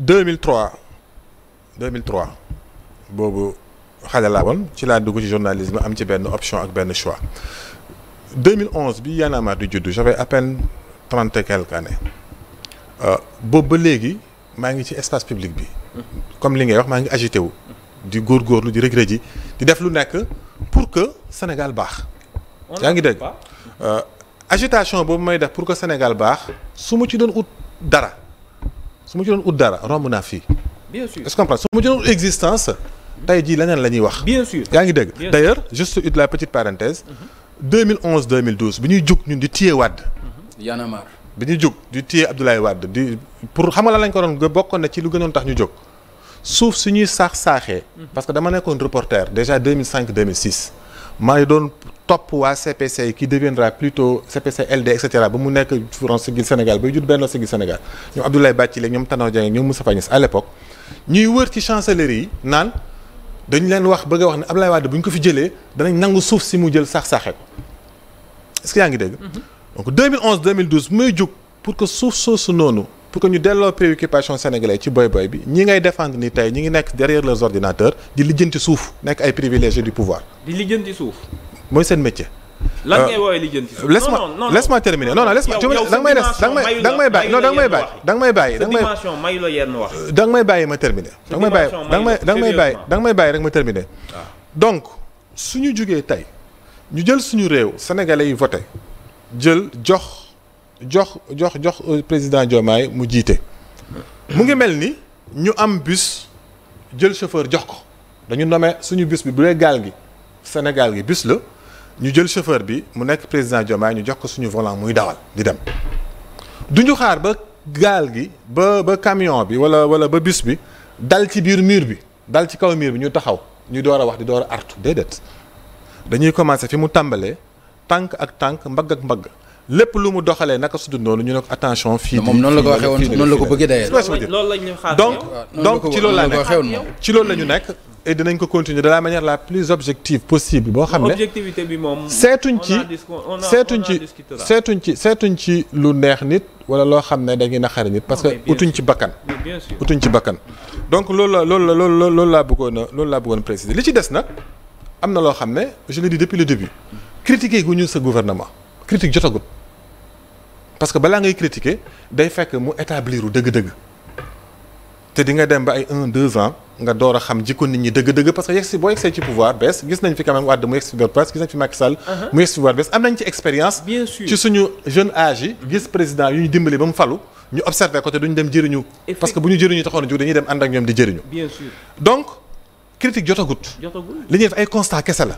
2003 2003 boobu xale laa woon ci laa dugg ci journalisme am ci benn option ak benn choix 2011 bi Y'en a marre di juddu j'avais à peine trente et quelques années euh, boobu ba léegi maa ngi ci espace public bi comme li ngay wax maa ngi agité wu di góorgóorlu di regret ji di def lu nekk pour que Sénégal baax yaa ngi dégg euh, agitation boobu may def pour que Sénégal baax su ma ci doon ut dara su ma ci ut dara romb naa fii. bien sûr est-ce que comprendre su ma ci doon ut existence. tey jii leneen la ñuy wax. bien yaa ngi dégg. d'ailleurs juste ut la petite parenthèse. 2011 2012 bi ñuy jug ñun di tiye Wade. Y'en a marre. bi ñuy jug di téye Abdoulaye wadd di pour xamala lañ ko doon bokkoon na ci lu gënoon tax ñu jóg suuf su ñuy saax saaxee. parce que dama nekkoon reporter déjà 2005 2006. maa ngi doon topp waa CPC qui deviendra plutôt CPC LD et cetera ba mu nekk France Siggil Sénégal ba jur benn Siggil Sénégal ñoom Abdoulaye Bathily ñoom Tanor Dieng ñoom Moustapha Niasse à l'époque ñuy wër ci chancellerie yi naan dañu leen wax bëgg a wax ne Abdoulaye Wade bu ñu ko fi jëlee danañ nangu suuf si mu jël sax saxe ko est yaa ngi dégg. Mm-hmm. donc 2011 2012 muy jug pour que suuf soosu noonu. pour que ñu delloo préoccupation sénégalais ci boy boy bi ñi ngay défendre ni tey ñi ngi nekk derrière leurs ordinateurs di lijjanti suuf nekk ay privilégiés du pouvoir. di lijjanti suuf. mooy seen métier. lan euh, ngay woowee lijjanti suuf. laisse ma laisse ma terminer non non laisse ma. da nga may des da may bàyyi non may bàyyi. ma terminer. da nga may bàyyi da nga may da nga may bàyyi da nga may ah. ñu jël suñu réew sénégalais yi voté jël jox jox jox jox euh, président Diomaye mu jiite mu ngi mel ni ñu am bus jël chauffeur jox ko dañu nommé suñu bus bi bu dee gaal gi Sénégal gi bus la ñu jël chauffeur bi mu nekk président Diomaye ñu jox ko suñu volant muy dawal di dem duñu xaar ba gaal gi ba ba camion bi wala wala ba bus bi dal ci biir miir bi dal ci kaw miir bi ñu taxaw ñu door a wax di door a artu déedéet dañuy commencer fi mu tàmbalee tànk ak tànk mbagg ak mbagg lépp lu mu doxalee naka su dul ñu ne ko attention. fii moom noonu la ko waxee woon ko bëggee dayee. loolu la ñu xaar donc donc ci loolu laa nekk ñu nekk. et dinañ ko continuer de la manière la plus objective possible boo xam ne objectivité bi moom seetuñ ci seetuñ ci seetuñ ci seetuñ ci lu neex nit wala loo xam ne na naqari nit parce que utuñ ci bakkan utuñ ci bakkan donc loolu la loolu la loolu loolu laa bëggoon a loolu laa bëggoon préciser li ci des nag am na loo xam ne je l'ai dit depuis le début critiquer gu ñu sa gouvernement critique jotagut parce que balaa ngay critiquer day fekk mu établir dëgg-dëgg te di nga dem ba ay un deux ans nga door a xam jikko nit ñi dëgg-dëgg parce que yegsi boo yegsee ci pouvoir bees gis nañ fi quand même Wade mu yegsi uh-huh. ci suñu jeune âge yi président yu ñu dimbali ba mu falu ñu observé ko te duñu dem jëriñu parce que bu ñu jëriñu taxoon a jóg dañuy dem ànd ak ñoom di jëriñu bien sûr donc critique jotagut li ñu def ay constat kese la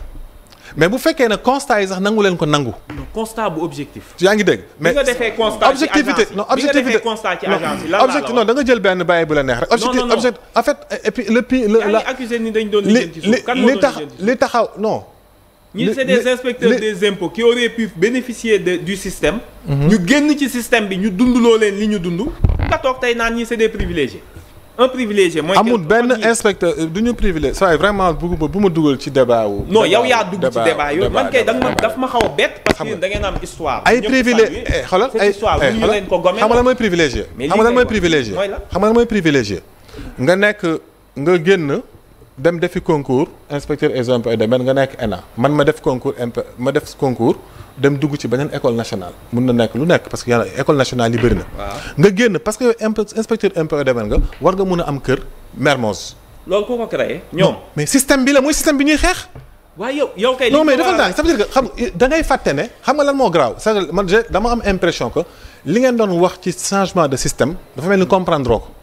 mais bu fekkee ne constat yi sax nangu leen ko nangu. constat bu objectif. yaa ngi dégg mais bi nga defee constat ci agence non objectivité objectif non da nga jël benn bàyyi bu la neex rek. objectif objectif en fait et puis le pi le la li li tax li taxaw non. ñi c'est des inspecteurs des impôts bénéficier de du système. Mhm. ñu génn ci système bi ñu dund loo leen li ñu dund. nga toog tey naan ñi c'est des privilégiés. un privilégié mooy. amul benn inspecteur du ñu privilégié ça vraiment bëgg bu ma dugal ci débat wu. non yow yaa dugg ci débat yooyu man daf ma xaw a bett. parce da ngeen am histoire. ay privilégié xoolal ay histoire bu eh, ñu leen ko gomee. xam nga lan mooy privilégié. mais lii mooy privilégié xam nga nga nekk nga génn. dem defi concours inspecteur exemple impôts et domaines nga nekk ENA man ma def concours imp ma def concours dem dugg ci beneen école nationale mun na nekk lu nekk parce que yàlla école nationale yi bëri na. nga génn parce que inspecteur impôts et domaines nga war nga mun a am kër Mermoz. loolu koo ko créé ñoom. mais système bi la mooy système bi ñuy xeex. waaye yow yow kay. non mais defal naa ça veut dire que xam da ngay fàtte ne xam nga lan moo garaaw c'est man dama am impression ko li ngeen doon wax ci changement de système dafa mel comprendre ko.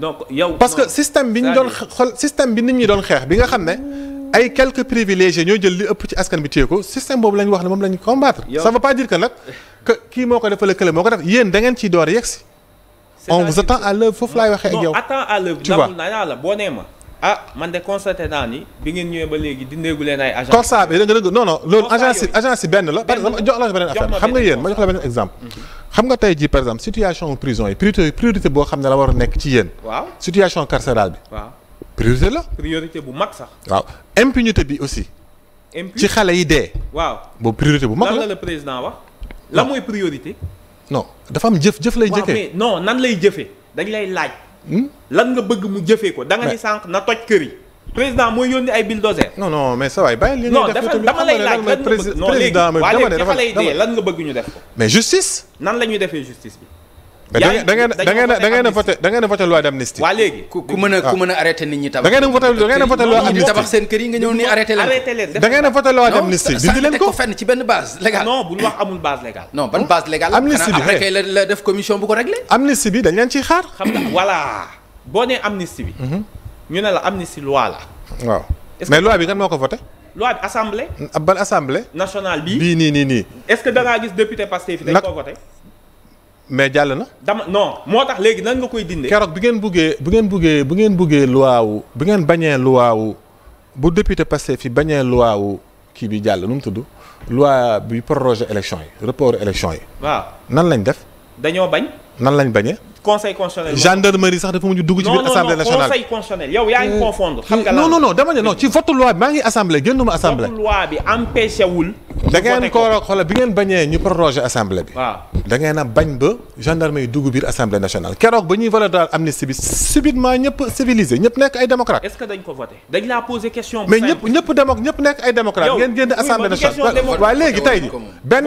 donc yow parce que système bi ñu doon bi nit ñi doon xeex bi nga xam ne ay quelques privilégiés ñoo jël li ëpp ci askan bi téye ko système boobu la ñu wax ne moom la ñu combattre. ça veut pas dire que nag que kii moo ko defal kële moo ko def yéen da ngeen door yegsi. on vous attend à l'œuvre foofu laay waxee ak yow. attend à l'œuvre nangul naa yàlla boo nee ma. Ah, man de constaté naa ni bi ngeen ñëwee ba léegi dindeegu leen ay dëgg dëgg non non loolu agence agence yi benn la. benn la jox la beneen affaire xam nga yéen ma jox la beneen exemple. Mhm. xam nga tey jii par exemple situation prison yi priorité priorité boo xam ne la war a nekk ci yéen. situation carcérale bi. waaw priorité la. priorité bu mag sax. waaw impunité bi aussi. ci xale yi dee. waaw boobu priorité bu mag la lan la président wax. la mooy priorité. non dafa am jëf jëf lay. jëkkee non nan lay jëfee dañ lay laaj. Hmm? lan nga bëgg mu jëfee ko. da nga ni sànq na toj kër yi. président mooy yónni ay bulldozer. non non mais sa waay bàyyi li ngay def dama lay laaj lan nga bëgg ñu def ko. mais justice. nan la defee justice bi. yaa da ngeen da ngeen da ngeen a voté da ngeen a voté loi d'amnistie. waa léegi ku nga ñëw ni arrêté bi xanaa après kay la def bi dañ leen ciy xaar. xam boo nee amnistie bi. ñu ne la am amnistie loi la. waaw mais loi bi kan moo ko vote loi bi assemblée. ban assemblée. nationale bi nii nii nii. est-ce que da ngaa gis député Pastef dañ koo voté. mais jàll na. dama non moo tax léegi nan nga koy dindee. keroog bi ngeen buggee bu ngeen buggee bu ngeen buggee loi wu bu ngeen bañee loi wu bu député Pastef yi bañee loi kii bi jàll nu mu tudd loi bi proroger élection yi report élection yi. waaw nan lañ def. dañoo bañ. nan lañ bañee. conseil constitutionnel gendarmerie sax dafa mujj dugg ci biir assemblée nationale conseil constitutionnel yow yaa ngi euh, ci vote loi bi maa ngi assemblée génnuma assemblée. vote loi bi empêché wul. da ngeen ko bi ngeen bañee ñu proroger assemblée bi. waaw a bañ ba gendarmerie dugg biir assemblée nationale keroog ba ñuy voté daal amnistie bi subitement ñëpp civilisé ñëpp nekk ay démocrate. mais ñëpp ñëpp nekk ay démocrate. ngeen génn assemblée nationale waaye léegi tey ji benn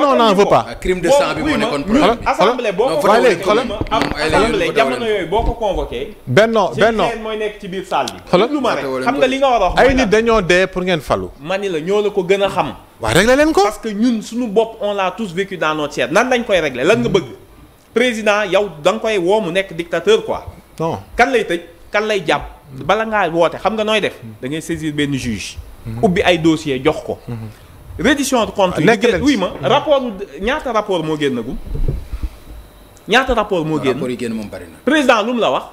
léegi jamono yooyu boo ko convoqué. benno benno ci mooy nekk ci biir salle bi. xam nga li nga war a wax. ay nit dañoo dee pour ngeen falu. ma ñoo la ko gën a xam. waaw réglé leen ko. parce que ñun suñu bopp on l'a tous vécu dans notre chair nan lañ koy réglé lan nga bëgg. président yow da nga koy woo mu nekk dictateur quoi. non kan lay tëj kan lay jàpp. bala ngaa woote xam nga nooy def. dangay ngay saisir benn juge. Mhm. ubbi ay dossier jox ko. Mhm. reddition de compte. ma rapport ñaata rapport moo génnagum ñaata rapport moo génn rapport yi génn moom bari na président lu mu la wax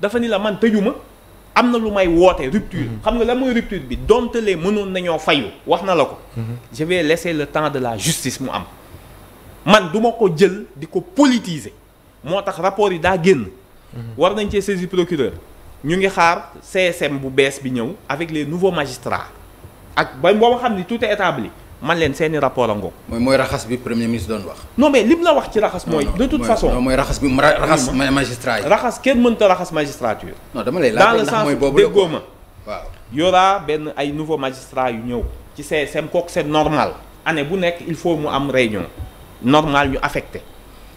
dafa ni la man tëju am na lu may woote rupture mhm. xam nga la mooy rupture bi doom lee mënoon nañoo fayu wax na la ko mhm. je vais laisser le temps de la justice mu am man duma ko jël di ko politiser moo tax rapport yi daa génn mhm. war nañ cee saisir procureur ñu ngi xaar CSM bu bees bi ñëw avec les nouveaux magistrats ak ba boo xam ni tout est établi man leen seeni rapport a ngoog. mooy mooy raxas bi premier ministre doon wax. non mais lim la wax ci raxas. mooy de toute façon non mooy raxas bi raxas magistrat yi. raxas kenn mënta raxas magistrature. non dama lay laaj ndax mooy boobu dans le sens déggoo ma. waaw yora benn ay nouveau magistrat yu ñëw. ci CSM kook seen normal. année bu nekk il faut mu am réunion. normal ñu affecté.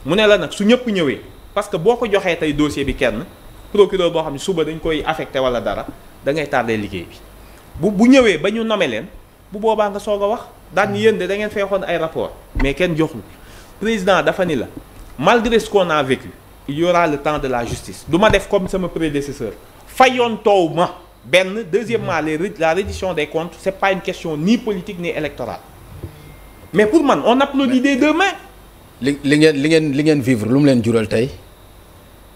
mu ne la nag su ñëpp ñëwee. parce que boo ko joxee tey dossier bi kenn procureur boo xam ne suba dañ koy affecté wala dara dangay ngay liggéey bi bu bu ñëwee ba ñu nommer leen bu boobaa nga soog a wax. daan yéen de da ngeen feexoon ay rapport mais kenn joxul président dafa ni la malgré ce qu'on a vécu il y aura le temps de la justice du ma def comme sama prédécesseur fayoon toow ma benn deuxièmement les la reddition des comptes c'est pas une question ni politique ni électorale mais pour man on applaudit des deux mains li li ngeen li ngeen li ngeen vivre lu mu leen jural tey